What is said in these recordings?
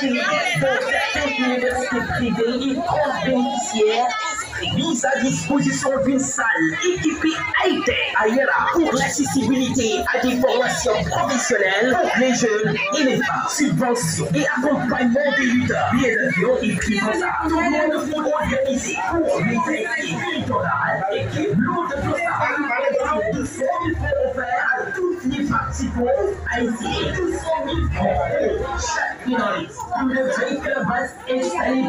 Chez les personnes, certaines universités privées, ils comptent bénéficiaires mise à disposition d'une salle équipée high-tech Ayera pour l'accessibilité à des formations professionnelles pour les jeunes et les femmes. Subventions et accompagnement des lutteurs, Bien d'avion et primes Tout le monde faut organiser pour les équipes électorales et qui l'eau de total. de 100 000 francs offerts à toutes les participants à essayer 200 000 francs chaque Pinoy through the Jacob Bus H-Table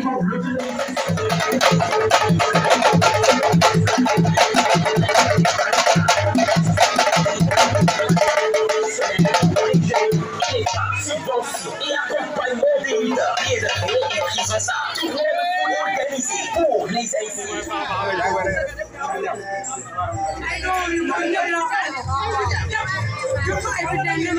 I don't remember.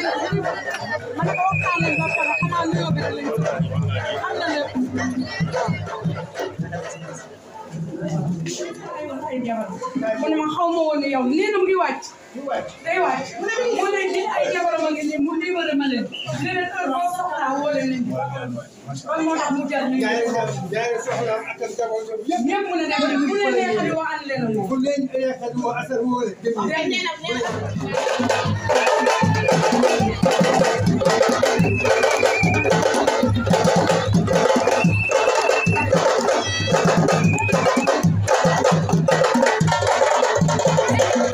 ay wax ay jabar mu ne ma xaw ma woon ne yow nee na mu ngi wàcc day wàcc mu ne di ay jabar ma ngi nii mu libéré ma leen nee na heure boo soxlaa woo leen leen kon moo tax mu jar ñu ñëpp mu ne dem ne bu leen neexali woo ànd leen woo bu leen neexali woo asar woo leen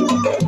Thank you.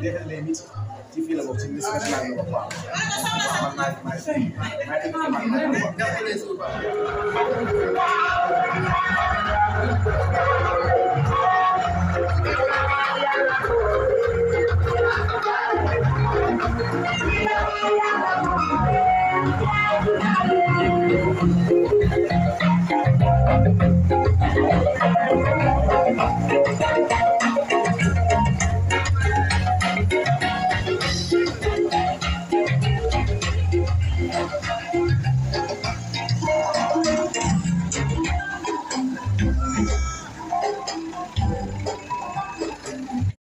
definitely ci fii la bokk ci ministre